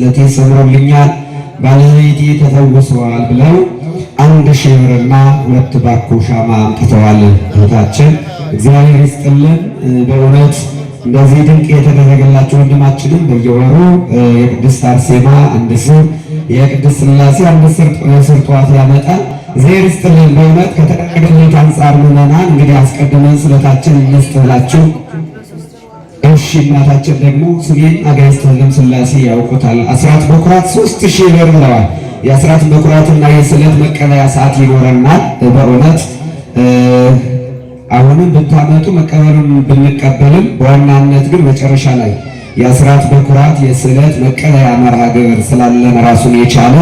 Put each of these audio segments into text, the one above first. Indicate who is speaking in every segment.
Speaker 1: ለቴ ሰብሮልኛል ባለቤቴ ተፈውሰዋል ብለው አንድ ሺህ ብርና ሁለት ባኮ ሻማ አምጥተዋል። እህታችን እግዚአብሔር ይስጥልን። በእውነት እንደዚህ ድንቅ የተደረገላቸው ወንድማችንም በየወሩ የቅድስት አርሴማ አንድ ስር፣ የቅድስት ስላሴ አንድ ስር ጠዋት ያመጣል። እግዚአብሔር ይስጥልን። በእውነት ከተደረገለት አንጻር ምዕመናን እንግዲህ አስቀድመን ስለታችን እንስጥ እሺ እናታችን ደግሞ ስሜን አጋዕዝተ ዓለም ሥላሴ ያውቁታል። አስራት በኩራት ሶስት ሺህ ብር ብለዋል። የአስራት በኩራትና የስዕለት መቀበያ ሰዓት ይኖረናል። በእውነት አሁንም ብታመጡ መቀበሉን ብንቀበልም በዋናነት ግን መጨረሻ ላይ የአስራት በኩራት የስዕለት መቀበያ መርሃ ግብር ስላለን ራሱን የቻለ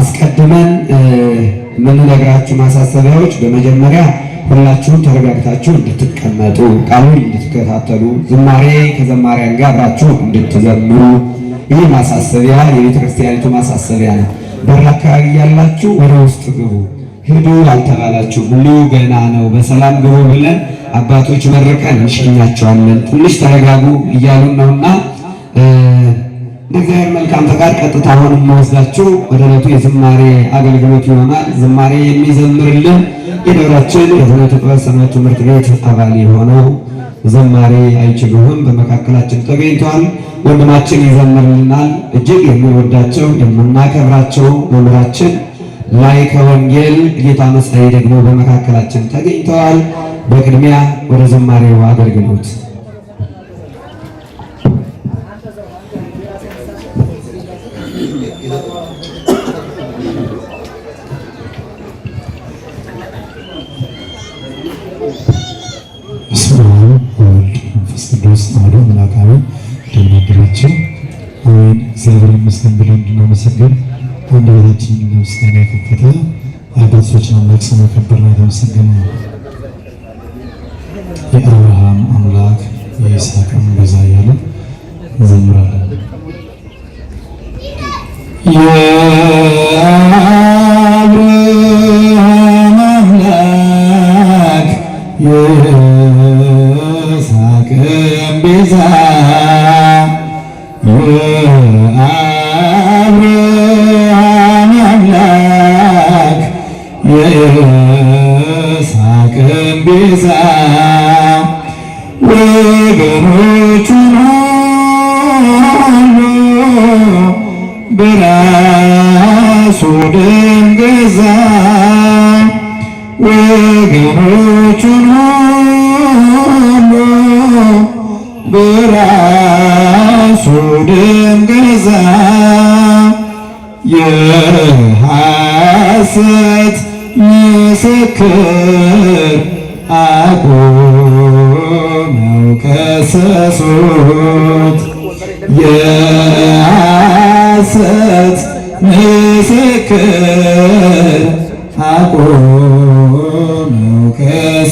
Speaker 1: አስቀድመን የምንነግራችሁ ማሳሰቢያዎች በመጀመሪያ ሁላችሁም ተረጋግታችሁ እንድትቀመጡ ቃሉን እንድትከታተሉ ዝማሬ ከዘማሪያን ጋር አብራችሁ እንድትዘምሩ ይህ ማሳሰቢያ የቤተ ክርስቲያኒቱ ማሳሰቢያ ነው። በር አካባቢ ያላችሁ ወደ ውስጥ ግቡ። ሂዱ አልተባላችሁ ሁሉ ገና ነው። በሰላም ግቡ ብለን አባቶች መርቀን እንሸኛቸዋለን። ትንሽ ተረጋጉ እያሉን ነውና በእግዚአብሔር መልካም ፈቃድ ቀጥታ አሁን የሚወስዳችሁ ወደ ዕለቱ የዝማሬ አገልግሎት ይሆናል። ዝማሬ የሚዘምርልን የደብራችን የትምህርት ጥበብ ሰንበት ትምህርት ቤት አባል የሆነው ዘማሬ አይችሉህም በመካከላችን ተገኝቷል። ወንድማችን ይዘምርልናል። እጅግ የሚወዳቸው የምናከብራቸው መምህራችን ላይ ከወንጌል ጌታ መሳይ ደግሞ በመካከላችን ተገኝተዋል። በቅድሚያ ወደ ዝማሬው አገልግሎት ተመስገን ብሎ እንድናመሰግን አንድ ቤታችን ምስጋና የከፈተ አባቶች አምላክ ስሙ ከበርና የተመሰገነ ነው። የአብርሃም አምላክ የይስሐቅም በዛ እያለ እንዘምራለን። የአብርሃም አምላክ የይስሐቅም ቤዛ የአብርሃም አምላክ የይስሐቅም ቤዛ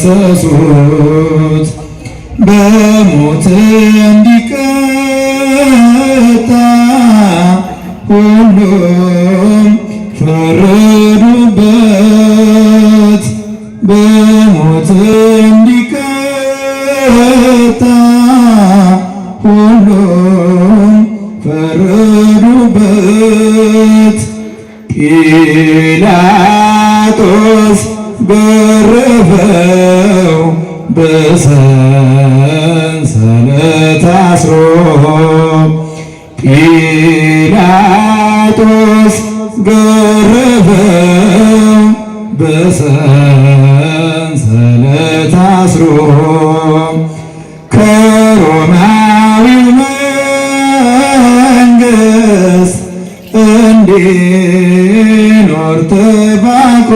Speaker 1: የከሰሱት በሞት እንዲቀጣ በሮማዊው መንግሥት እንዲኖር ተባቆ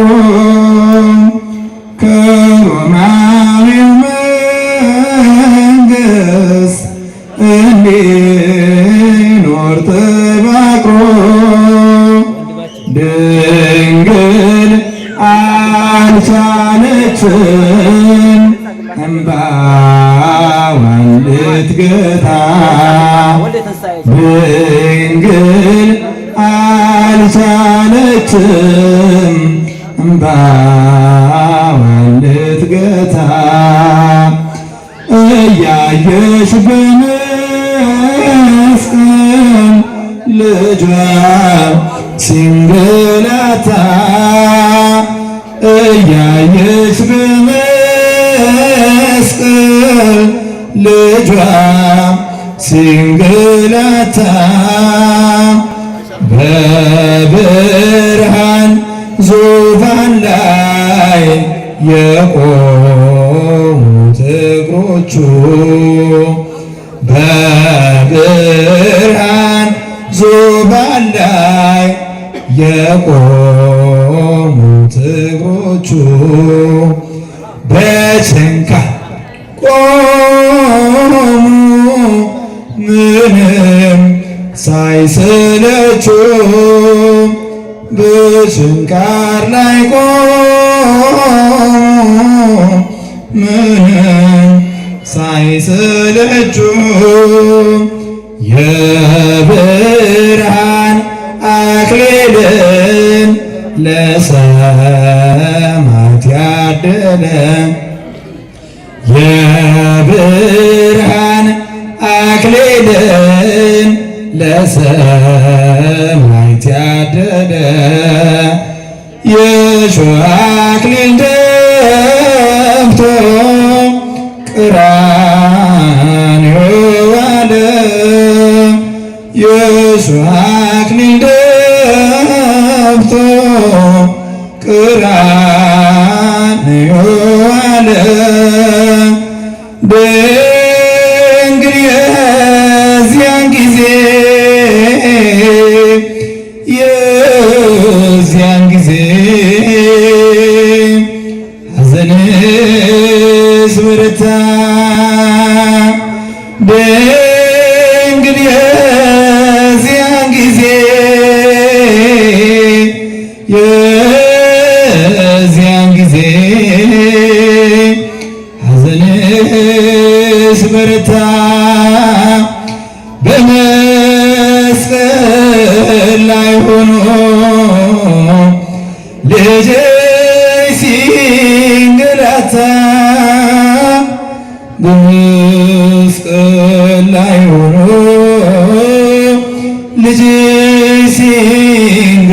Speaker 1: ሲንግላታ እያየች በመስቀል ልጇ ሲንግላታ በብርሃን ዙፋን ላይ የቆሙት እግሮቹ በብርሃን በዙፋን ላይ የቆሙት እግሮቹ በጭንቃር ቆሙ ምንም ሳይሰለቹም በጭንቃር ላይ ቆሙ ተገለጠ የብርሃን አክሊልን ለሰማዕት ያደለ የሾህ አክሊል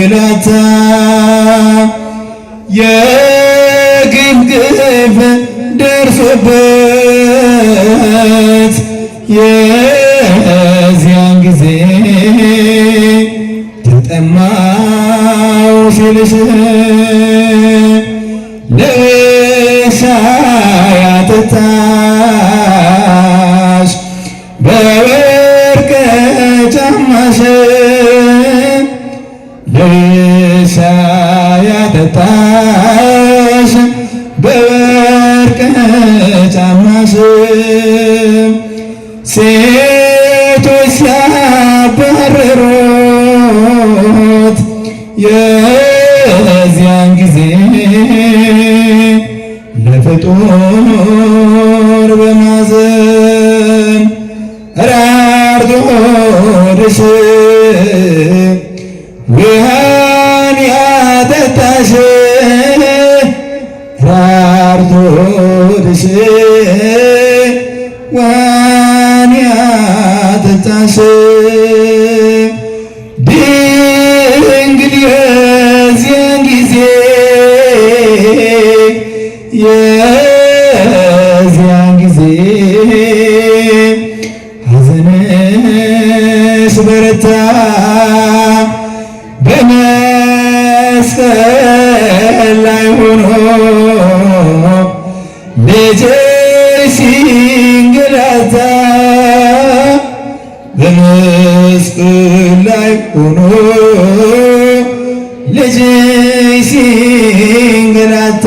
Speaker 1: ውለታ ደርሶበት የዚያን ጊዜ ተጠማው ሲልሽ ፍጡር በማዘን ራርቶ ሆድሽ ውሃን ያጠጣሽ ራርቶ ሆድሽ ውሃን ያጠጣሽ ሆኖ ልጅ ሲንገላታ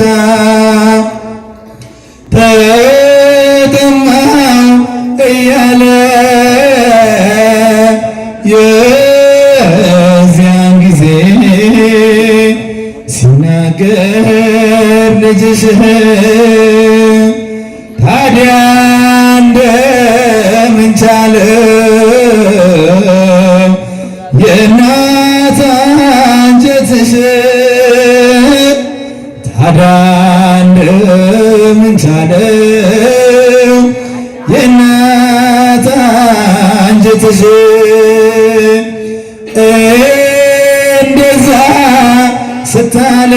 Speaker 1: ስታለቅሽ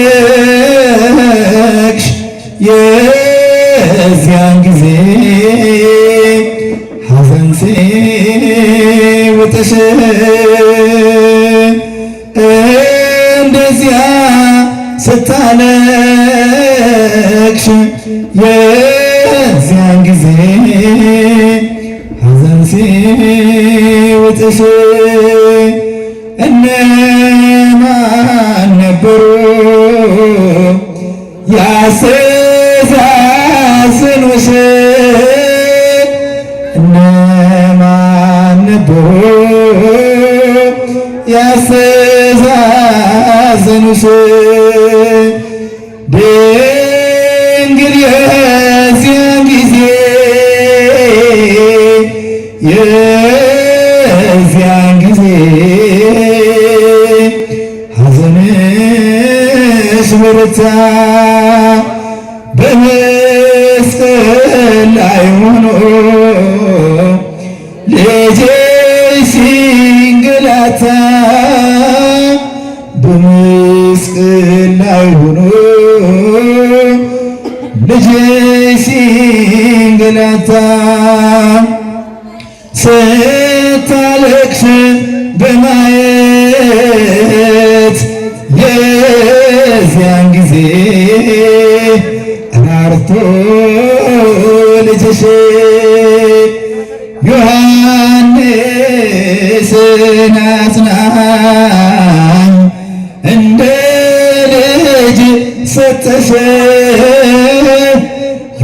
Speaker 1: የዚያን ጊዜ ሐዘንሴ ውጥሽ እንደዚያ ስታለቅሽ የዚያን ጊዜ ሐዘንሴ ውጥሽ እነ ማን ነበሩ ያስተዛዝኑ እነማን ነበሩ ያስተዛዝኑ ድንግል የዚያን ጊዜ time. ስነ አጽናኝ እንደ ልጅ ሰጠሽ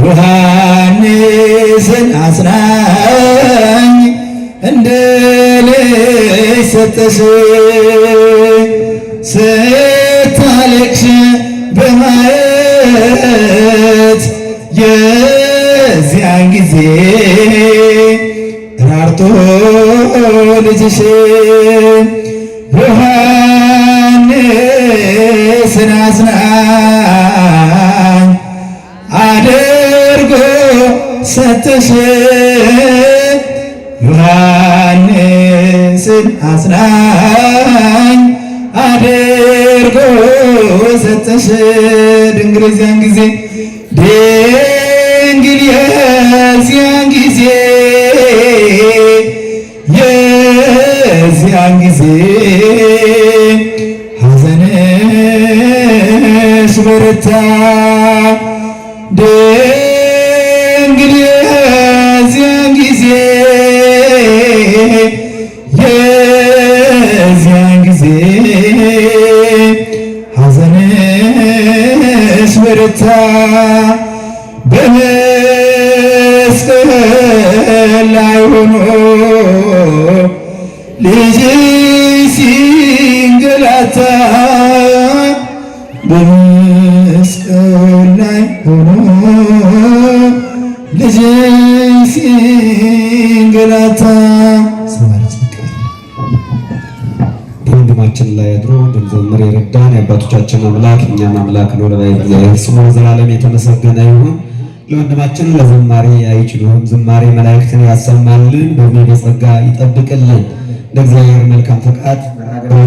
Speaker 1: ዮሐንስን አጽናኝ እንደ ልጅ ሰጠሽ ስታለቅሽ ልጅሽ ዮሐንስን አጽናኝ አድርጎ ሰጠሽ ዮሐንስን አጽናኝ አድርጎ ሰጠሽ ድንግል ጊዜ ድንግል የዚያን ጊዜ ያን ጊዜ ሐዘንሽ በረታ፣ ድንግል የዚያን ጊዜ የዚያን ጊዜ ሐዘንሽ በረታ በመስቀል ላይ ሆኖ ልጄ ሲንገላታ በመስቀል ላይ ሆኖ ልጄ ሲንገላታ ወንድማችን ላይ አድሮ ድንዘምር የረዳን የአባቶቻችን አምላክ እኛም አምላክ ነው። ለእግዚአብሔር ስሙ ዘላለም የተመሰገነ ይሁን። ለወንድማችን ለዝማሬ አይችሉም ዝማሬ መላእክትን ያሰማልን፣ በሚል የጸጋ ይጠብቅልን። ለእግዚአብሔር መልካም ፈቃድ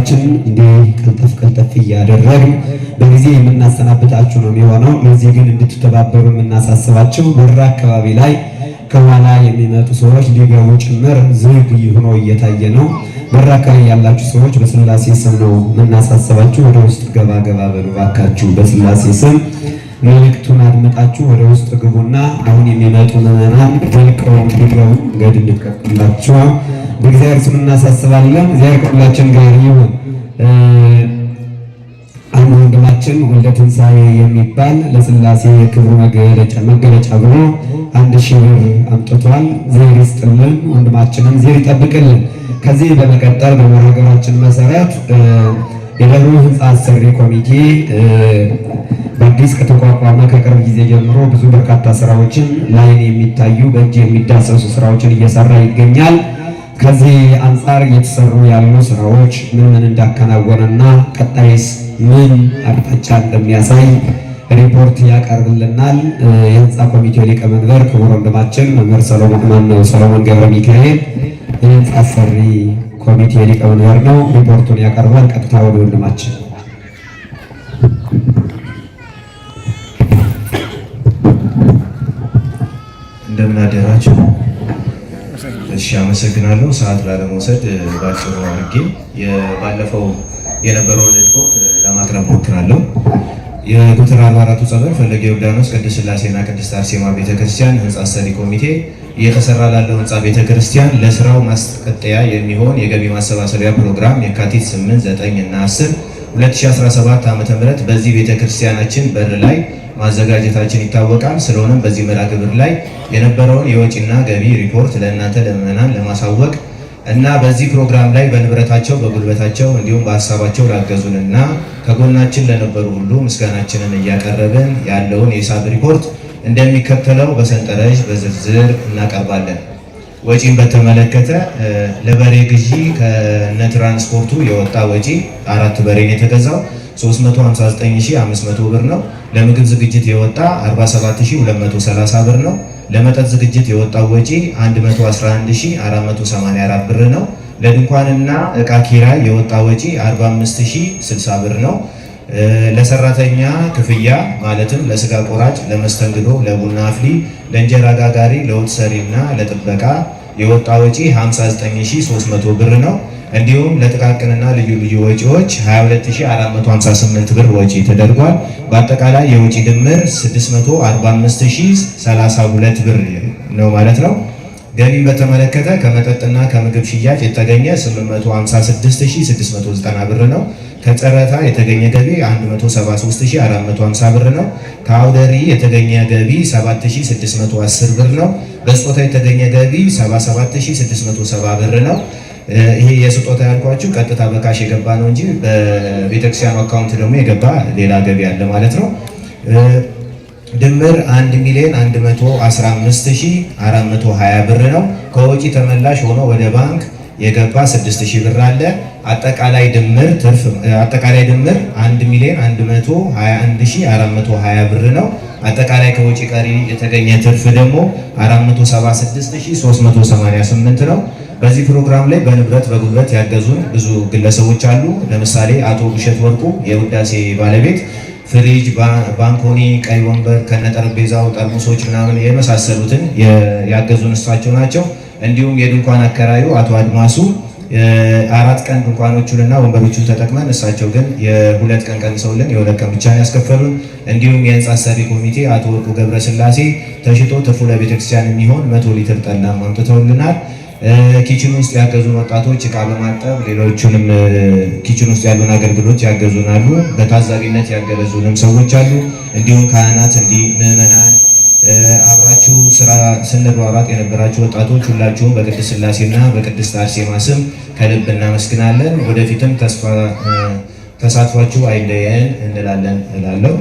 Speaker 1: ችን እንዲህ ቅልጥፍ ቅልጥፍ እያደረግን በጊዜ የምናሰናብታችሁ ነው የሚሆነው። ለዚህ ግን እንድትተባበሩ የምናሳስባቸው በራ አካባቢ ላይ ከኋላ የሚመጡ ሰዎች ሊገቡ ጭምር ዝግ ሆኖ እየታየ ነው። በራ አካባቢ ያላችሁ ሰዎች በስላሴ ስም ነው የምናሳስባችሁ። ወደ ውስጥ ገባ ገባ በሉ እባካችሁ። በስላሴ ስም መልእክቱን አድመጣችሁ ወደ ውስጥ ግቡና አሁን የሚመጡ ምዕመናን ልቀው እንዲገቡ መንገድ እንከፍትላችኋል። በእግዚአብሔር ስም እናሳስባለን። እግዚአብሔር ከሁላችን ጋር ይሁን። አንድ ወንድማችን ወልደ ትንሣኤ የሚባል ለስላሴ የክብር መገለጫ ብሎ አንድ ሺህ ብር አምጥቷል። እግዚአብሔር ይስጥልን፣ ወንድማችንም እግዚአብሔር ይጠብቅልን። ከዚህ በመቀጠል በመርሃ ግብራችን መሰረት የደብሩ ሕንፃ አሰሪ ኮሚቴ በአዲስ ከተቋቋመ ከቅርብ ጊዜ ጀምሮ ብዙ በርካታ ስራዎችን ላይን የሚታዩ በእጅ የሚዳሰሱ ስራዎችን እየሰራ ይገኛል። ከዚህ አንጻር እየተሰሩ ያሉ ስራዎች ምን ምን እንዳከናወነና ቀጣይስ ምን አቅጣጫ እንደሚያሳይ ሪፖርት ያቀርብልናል። የህንፃ ኮሚቴው ሊቀመንበር ክቡር ወንድማችን መምህር ሰሎሞን ማነው ሰሎሞን ገብረ ሚካኤል የህንፃ አሰሪ ኮሚቴ ሊቀመንበር ነው። ሪፖርቱን ያቀርባል። ቀጥታ ወደ ወንድማችን እንደምን አደራችሁ። እሺ አመሰግናለሁ። ሰዓት ላለመውሰድ ባጭሩ አድርጌ ባለፈው የነበረውን ሪፖርት ለማቅረብ ሞክራለሁ። የጎተራ አማራቱ ጸበል ፈለገ ዮርዳኖስ ቅድስት ሥላሴና ቅድስት አርሴማ ቤተክርስቲያን ህንፃ ሰሪ ኮሚቴ እየተሰራ ላለው ህንፃ ቤተክርስቲያን ለስራው ማስቀጠያ የሚሆን የገቢ ማሰባሰቢያ ፕሮግራም የካቲት 8፣ 9 እና 10 2017 ዓ.ም በዚህ ቤተክርስቲያናችን በር ላይ ማዘጋጀታችን ይታወቃል። ስለሆነም በዚህ መርሃ ግብር ላይ የነበረውን የወጪና ገቢ ሪፖርት ለእናንተ ለምዕመናን ለማሳወቅ እና በዚህ ፕሮግራም ላይ በንብረታቸው በጉልበታቸው እንዲሁም በሀሳባቸው ላገዙንና ከጎናችን ለነበሩ ሁሉ ምስጋናችንን እያቀረብን ያለውን የሂሳብ ሪፖርት እንደሚከተለው በሰንጠረዥ በዝርዝር እናቀርባለን። ወጪን በተመለከተ ለበሬ ግዢ ከነትራንስፖርቱ የወጣ ወጪ አራት በሬ ነው የተገዛው 359500 ብር ነው። ለምግብ ዝግጅት የወጣ 47230 ብር ነው። ለመጠጥ ዝግጅት የወጣው ወጪ 111484 ብር ነው። ለድንኳንና እቃ ኪራይ የወጣ ወጪ 45060 ብር ነው። ለሰራተኛ ክፍያ ማለትም ለስጋ ቆራጭ፣ ለመስተንግዶ፣ ለቡና አፍሊ ለእንጀራ ጋጋሪ፣ ለውጥ ሰሪና ለጥበቃ የወጣ ወጪ 59300 ብር ነው። እንዲሁም ለጥቃቅንና ልዩ ልዩ ወጪዎች 22458 ብር ወጪ ተደርጓል። በአጠቃላይ የወጪ ድምር 645032 ብር ነው ማለት ነው። ገቢን በተመለከተ ከመጠጥና ከምግብ ሽያጭ የተገኘ 856690 ብር ነው። ከጨረታ የተገኘ ገቢ 173450 ብር ነው። ከአውደሪ የተገኘ ገቢ 7610 ብር ነው። በስጦታ የተገኘ ገቢ 77670 ብር ነው። ይሄ የስጦታ ያልኳችሁ ቀጥታ በካሽ የገባ ነው እንጂ በቤተክርስቲያኑ አካውንት ደግሞ የገባ ሌላ ገቢ አለ ማለት ነው። ድምር 1 ሚሊዮን 115420 ብር ነው። ከወጪ ተመላሽ ሆኖ ወደ ባንክ የገባ 6000 ብር አለ። አጠቃላይ ድምር ትርፍ አጠቃላይ ድምር 1 ሚሊዮን 121420 ብር ነው። አጠቃላይ ከወጪ ቀሪ የተገኘ ትርፍ ደግሞ 476388 ነው። በዚህ ፕሮግራም ላይ በንብረት በጉልበት ያገዙን ብዙ ግለሰቦች አሉ። ለምሳሌ አቶ ብሸት ወርቁ የውዳሴ ባለቤት ፍሪጅ፣ ባንኮኒ፣ ቀይ ወንበር ከነጠረጴዛው ጠርሙሶች ምናምን የመሳሰሉትን ያገዙን እሳቸው ናቸው። እንዲሁም የድንኳን አከራዩ አቶ አድማሱ አራት ቀን ድንኳኖቹንና ወንበሮቹን ተጠቅመን እሳቸው ግን የሁለት ቀን ቀንሰውልን የሁለት ቀን ብቻ ያስከፈሉን። እንዲሁም የህንፃ ሰሪ ኮሚቴ አቶ ወርቁ ገብረስላሴ ተሽጦ ትርፉ ለቤተክርስቲያን የሚሆን መቶ ሊትር ጠላ አምጥተውልናል። ኪችን ውስጥ ያገዙን ወጣቶች እቃ በማጠብ ሌሎቹንም ኪችን ውስጥ ያሉን አገልግሎት ያገዙን አሉ። በታዛቢነት ያገለዙንም ሰዎች አሉ። እንዲሁም ካህናት እንዲህ ምዕመናን አብራችሁ ስራ ስንሯሯጥ የነበራችሁ ወጣቶች ሁላችሁም በቅድስት ስላሴና በቅድስት አርሴማ ስም ከልብ እናመስግናለን። ወደፊትም ተሳትፏችሁ አይለየን እንላለን እላለሁ።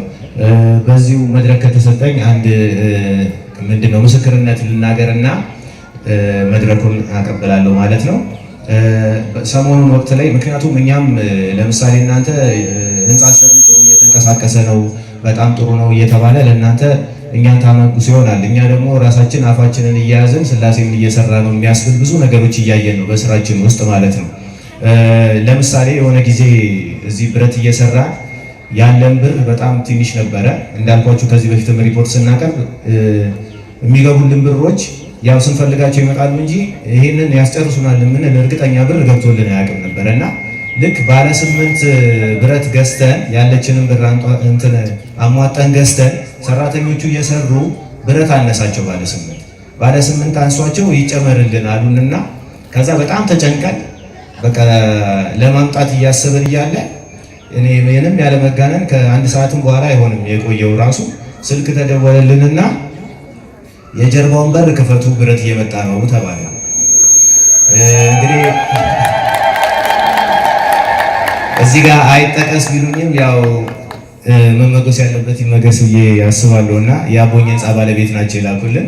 Speaker 1: በዚሁ መድረክ ከተሰጠኝ አንድ ምንድነው ምስክርነት ልናገርና መድረኩን አቀብላለሁ ማለት ነው። ሰሞኑን ወቅት ላይ ምክንያቱም እኛም ለምሳሌ እናንተ ህንፃ ጥሩ እየተንቀሳቀሰ ነው፣ በጣም ጥሩ ነው እየተባለ ለእናንተ እኛን ታመጉሶ ይሆናል። እኛ ደግሞ ራሳችን አፋችንን እያያዝን ስላሴን እየሰራ ነው የሚያስብል ብዙ ነገሮች እያየን ነው በስራችን ውስጥ ማለት ነው። ለምሳሌ የሆነ ጊዜ እዚህ ብረት እየሰራ ያለን ብር በጣም ትንሽ ነበረ። እንዳልኳችሁ ከዚህ በፊትም ሪፖርት ስናቀርብ የሚገቡልን ብሮች ያው ስንፈልጋቸው ይመጣሉ እንጂ ይህንን ያስጨርሱናል የምንል እርግጠኛ ብር ገብቶልን አያውቅም ነበረ እና ልክ ባለ ስምንት ብረት ገዝተን ያለችንን ብር አሟጠን ገዝተን ሰራተኞቹ እየሰሩ ብረት አነሳቸው ባለ ስምንት ባለ ስምንት አንሷቸው ይጨመርልን አሉንና ከዛ በጣም ተጨንቀን በቃ ለማምጣት እያሰብን እያለ ምንም ያለመጋነን ከአንድ ሰዓትም በኋላ አይሆንም የቆየው ራሱ ስልክ ተደወለልንና የጀርባውን በር ክፈቱ ብረት እየመጣ ነው ተባለ። እንግዲህ እዚህ ጋር አይጠቀስ ቢሉኝም ያው መመገስ ያለበት ይመገስ ብዬ ያስባለሁ እና የአቦኝ ህንፃ ባለቤት ናቸው የላኩልን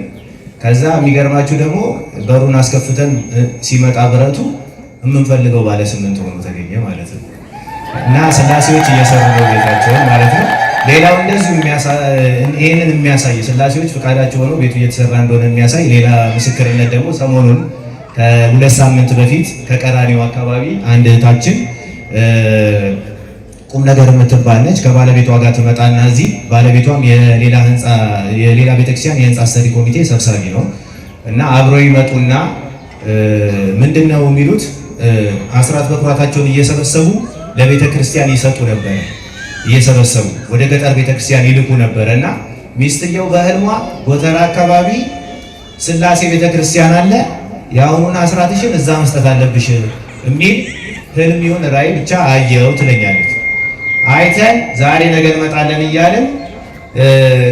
Speaker 1: ከዛ የሚገርማችሁ ደግሞ በሩን አስከፍተን ሲመጣ ብረቱ የምንፈልገው ባለ ስምንት ሆኖ ተገኘ ማለት ነው እና ስላሴዎች እየሰሩ ነው ቤታቸውን ማለት ነው። ሌላው እንደዚሁ ይህንን የሚያሳይ ስላሴዎች ፈቃዳቸው ሆኖ ቤቱ እየተሰራ እንደሆነ የሚያሳይ ሌላ ምስክርነት ደግሞ ሰሞኑን ከሁለት ሳምንት በፊት ከቀራኒው አካባቢ አንድ እህታችን ቁም ነገር የምትባል ነች። ከባለቤቷ ጋር ትመጣና እዚህ ባለቤቷም የሌላ ህንፃ የሌላ ቤተክርስቲያን የህንፃ ሰሪ ኮሚቴ ሰብሳቢ ነው እና አብረው ይመጡና ምንድን ነው የሚሉት አስራት በኩራታቸውን እየሰበሰቡ ለቤተ ክርስቲያን ይሰጡ ነበረ። እየሰበሰቡ ወደ ገጠር ቤተ ክርስቲያን ይልኩ ነበረ እና ሚስትየው በህልሟ ጎተራ አካባቢ ስላሴ ቤተ ክርስቲያን አለ፣ የአሁኑን አስራትሽን እዛ መስጠት አለብሽ የሚል ህልም ይሁን ራእይ ብቻ አየው ትለኛለች። አይተን ዛሬ ነገ እንመጣለን እያልን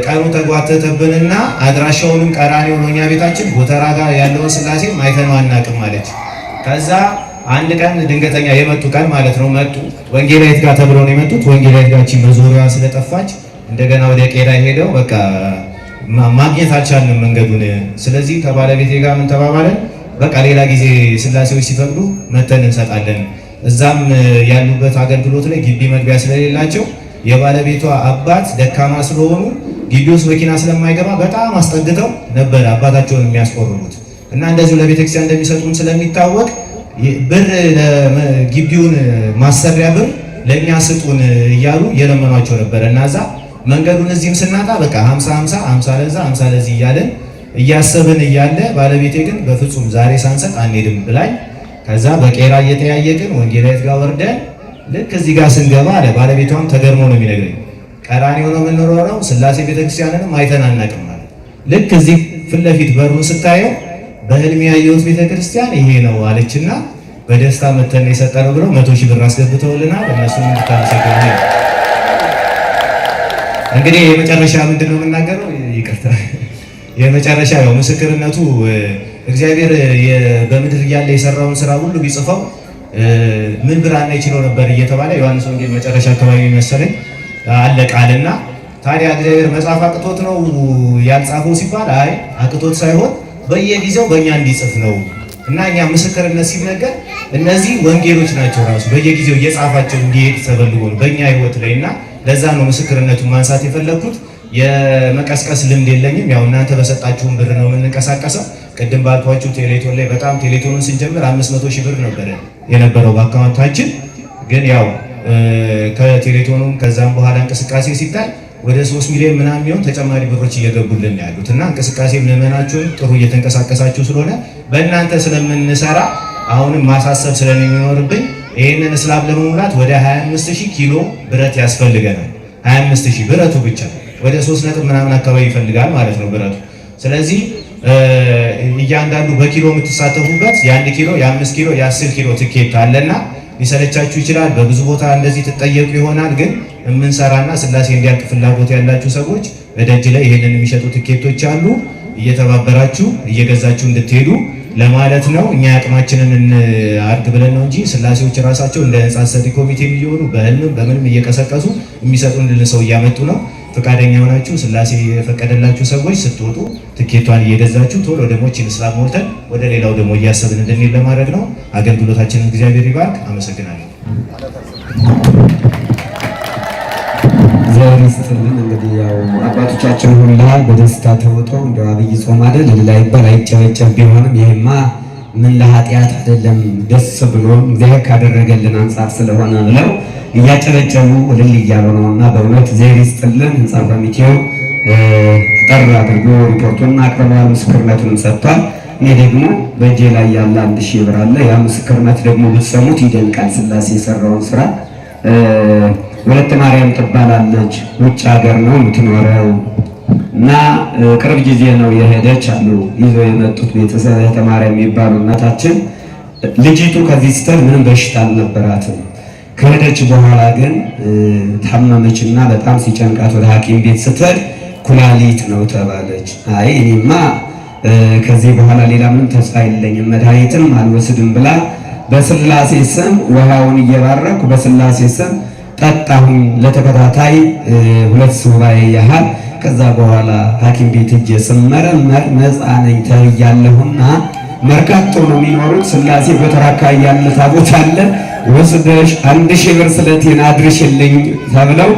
Speaker 1: ቀኑ ተጓተተብንና አድራሻውንም ቀራኔው ነው እኛ ቤታችን ጎተራ ጋር ያለውን ስላሴ አይተን አናውቅም አለች። ከዛ አንድ ቀን ድንገተኛ የመጡ ቀን ማለት ነው መጡ። ወንጌላዊት ጋር ተብለው ነው የመጡት። ወንጌላዊት ጋችን በዙሪያ ስለጠፋች እንደገና ወደ ቄራ ሄደው በቃ ማግኘት አልቻልንም መንገዱን። ስለዚህ ከባለቤቴ ጋር ምን ተባባለን፣ በቃ ሌላ ጊዜ ስላሴዎች ሲፈቅዱ መተን እንሰጣለን እዛም ያሉበት አገልግሎት ላይ ግቢ መግቢያ ስለሌላቸው የባለቤቷ አባት ደካማ ስለሆኑ ግቢ ውስጥ መኪና ስለማይገባ በጣም አስጠግተው ነበረ አባታቸውን የሚያስቆርቡት እና እንደዚሁ ለቤተክርስቲያን እንደሚሰጡን ስለሚታወቅ ብር ግቢውን ማሰሪያ ብር ለእኛ ስጡን እያሉ የለመኗቸው ነበረ እና እዛ መንገዱን እዚህም ስናጣ በቃ 50 50 50 ለዛ 50 ለዚህ እያለን እያሰብን እያለ ባለቤቴ ግን በፍጹም ዛሬ ሳንሰጥ አንሄድም ብላኝ ከዛ በቄራ እየተያየቅን ወንጌላዊት ጋር ወርደን ልክ እዚህ ጋር ስንገባ አለ ባለቤቷም ተገርሞ ነው የሚነግረኝ። ቀራኔው ነው የምንኖረው፣ ስላሴ ቤተክርስቲያንንም አይተን ማለት ልክ እዚህ ፊት ለፊት በሩን ስታየው በህልም ያየሁት ቤተክርስቲያን ይሄ ነው አለችና በደስታ መተን የሰጠነው ብለው መቶ ሺህ ብር አስገብተውልናል። እነሱም እንድታመሰግኑ እንግዲህ የመጨረሻ ምንድን ነው የምናገረው? ይቅርታ የመጨረሻ ያው ምስክርነቱ እግዚአብሔር በምድር እያለ የሰራውን ስራ ሁሉ ቢጽፈው ምን ብራና ይችለው ነበር እየተባለ ዮሐንስ ወንጌል መጨረሻ አካባቢ መሰለኝ አለ ቃልና ታዲያ እግዚአብሔር መጽሐፍ አቅቶት ነው ያልጻፈው ሲባል አይ አቅቶት ሳይሆን በየጊዜው በእኛ እንዲጽፍ ነው እና እኛ ምስክርነት ሲነገር እነዚህ ወንጌሎች ናቸው ራሱ በየጊዜው እየጻፋቸው እንዲሄድ ተፈልጎ ነው በእኛ ህይወት ላይ እና ለዛ ነው ምስክርነቱን ማንሳት የፈለግኩት የመቀስቀስ ልምድ የለኝም ያው እናንተ በሰጣችሁን ብር ነው የምንቀሳቀሰው ቅድም ባልኳችሁ ቴሌቶን ላይ በጣም ቴሌቶኑን ስንጀምር አምስት መቶ ሺህ ብር ነበረ የነበረው በአካውንታችን። ግን ያው ከቴሌቶኑም ከዛም በኋላ እንቅስቃሴ ሲታይ ወደ ሶስት ሚሊዮን ምናምን የሚሆን ተጨማሪ ብሮች እየገቡልን ያሉት እና እንቅስቃሴ ምዕመናችሁ ጥሩ እየተንቀሳቀሳችሁ ስለሆነ በእናንተ ስለምንሰራ አሁንም ማሳሰብ ስለሚኖርብኝ ይህንን ስላብ ለመሙላት ወደ 25 ኪሎ ብረት ያስፈልገናል። 25 ብረቱ ብቻ ወደ ሶስት ነጥብ ምናምን አካባቢ ይፈልጋል ማለት ነው ብረቱ ስለዚህ እያንዳንዱ በኪሎ የምትሳተፉበት የአንድ ኪሎ የአምስት ኪሎ የአስር ኪሎ ትኬት አለና ሊሰለቻችሁ ይችላል። በብዙ ቦታ እንደዚህ ትጠየቁ ይሆናል። ግን የምንሰራና ስላሴ እንዲያልቅ ፍላጎት ያላችሁ ሰዎች በደጅ ላይ ይህንን የሚሸጡ ትኬቶች አሉ። እየተባበራችሁ እየገዛችሁ እንድትሄዱ ለማለት ነው። እኛ አቅማችንን እንአርግ ብለን ነው እንጂ ስላሴዎች ራሳቸው እንደ ህንፃ ሰሪ ኮሚቴ የሚሆኑ በህልምም በምንም እየቀሰቀሱ የሚሰጡ ሰው እያመጡ ነው። ፈቃደኛ የሆናችሁ ስላሴ የፈቀደላችሁ ሰዎች ስትወጡ ትኬቷን እየገዛችሁ ቶሎ ደሞች ቺን ስራ ሞልተን ወደ ሌላው ደግሞ እያሰብን እንደሚል ለማድረግ ነው። አገልግሎታችንን እግዚአብሔር ይባርክ። አመሰግናለሁ። እግዚአብሔር ይስጥልን። እንግዲህ ያው አባቶቻችን ሁላ በደስታ ተውጠው እንደ አብይ ጾም አይደል ሌላ ይባል አይጨበጨብ ቢሆንም ይህማ ምን ለኃጢአት አይደለም ደስ ብሎም እግዚአብሔር ካደረገልን አንጻር ስለሆነ ብለው እያጨበጨቡ እልል እያሉ ነው እና በእውነት ዜር ይስጥልን። ህንፃ ኮሚቴው ጠር አድርጎ ሪፖርቱን አቅርቧል፣ ምስክርነቱንም ሰጥቷል። እኔ ደግሞ በእጄ ላይ ያለ አንድ ሺህ ብር አለ። ያ ምስክርነት ደግሞ ብትሰሙት ይደንቃል። ስላሴ የሰራውን ስራ ሁለት ማርያም ትባላለች። ውጭ ሀገር ነው የምትኖረው እና ቅርብ ጊዜ ነው የሄደች አሉ ይዘው የመጡት ቤተሰብ ተማሪያ የሚባሉ እናታችን ልጅቱ ከዚህ ስተን ምንም በሽታ አልነበራትም። ከሄደች በኋላ ግን እና በጣም ሲጨንቃት ወደ ሐኪም ቤት ስትሄድ ኩላሊት ነው ተባለች። አይ እኔማ ከዚህ በኋላ ሌላ ምንም ተስፋ የለኝም መድኃኒትም አልወስድም ብላ በስላሴ ስም ውሃውን እየባረኩ በስላሴ ስም ጠጣሁኝ ለተከታታይ ሁለት ሱባኤ ያህል። ከዛ በኋላ ሐኪም ቤት እጄ ስመረመር ነፃ ነኝ ተብያለሁና መርካቶ ነው የሚኖሩት ስላሴ በተራካ ያለ ታቦት አለ ወስደሽ አንድ ሺህ ብር ስለቴን አድርሽልኝ ተብለው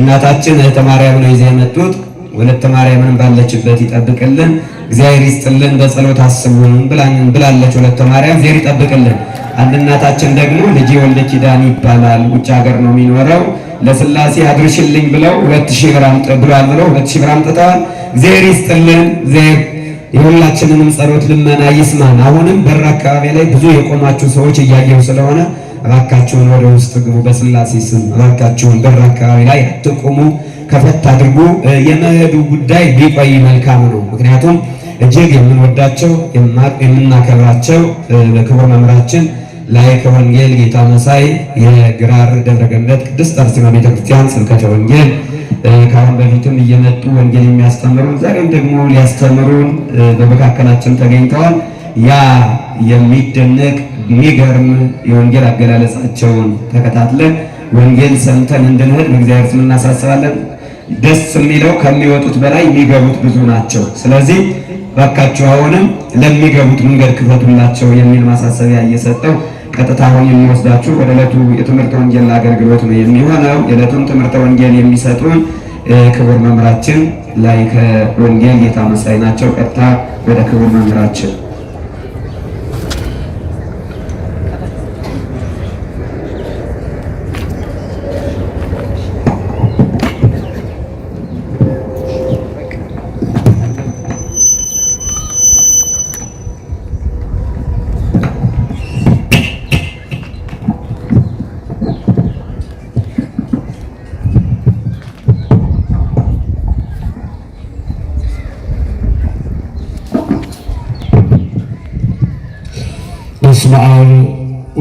Speaker 1: እናታችን እህተ ማርያም ነው ይዘው የመጡት። ወለተ ማርያምን ባለችበት ይጠብቅልን፣ እግዚአብሔር ይስጥልን፣ በጸሎት አስቡን ብላን ብላለች ወለተ ማርያም። እግዚአብሔር ይጠብቅልን። አንድ እናታችን ደግሞ ልጅ ወልደ ኪዳን ይባላል ውጭ ሀገር ነው የሚኖረው ለስላሴ አድርሽልኝ ብለው ሁለት ሺህ ብር አምጥ ብሏል ብለው ሁለት ሺህ ብር አምጥተዋል። እግዚአብሔር ይስጥልን። እግዚአብሔር የሁላችንንም ጸሎት ልመና ይስማን። አሁንም በር አካባቢ ላይ ብዙ የቆማችሁ ሰዎች እያየሁ ስለሆነ እባካችሁን ወደ ውስጥ ግቡ፣ በስላሴ ስም እባካችሁን በር አካባቢ ላይ አትቁሙ። ከፈት አድርጉ። የመሄዱ ጉዳይ ቢቆይ መልካም ነው። ምክንያቱም እጅግ የምንወዳቸው የምናከብራቸው በክቡር መምህራችን ላይ ከወንጌል ጌታ መሳይ የግራር ደብረ ገነት ቅድስት አርሴማ ቤተክርስቲያን ስብከተ ወንጌል ከአሁን በፊትም እየመጡ ወንጌል የሚያስተምሩን ዛሬም ደግሞ ሊያስተምሩን በመካከላችን ተገኝተዋል። ያ የሚደነቅ የሚገርም የወንጌል አገላለጻቸውን ተከታትለን ወንጌል ሰምተን እንድንሄድ በእግዚአብሔር ስም እናሳስባለን። ደስ የሚለው ከሚወጡት በላይ የሚገቡት ብዙ ናቸው። ስለዚህ ባካችሁ አሁንም ለሚገቡት መንገድ ክፈቱላቸው የሚል ማሳሰቢያ እየሰጠው ቀጥታ አሁን የሚወስዳችሁ ወደ ዕለቱ የትምህርት ወንጌል አገልግሎት ነው የሚሆነው። የዕለቱን ትምህርተ ወንጌል የሚሰጡን ክቡር መምህራችን ላይ ከወንጌል ጌታ መሳይ ናቸው። ቀጥታ ወደ ክቡር መምህራችን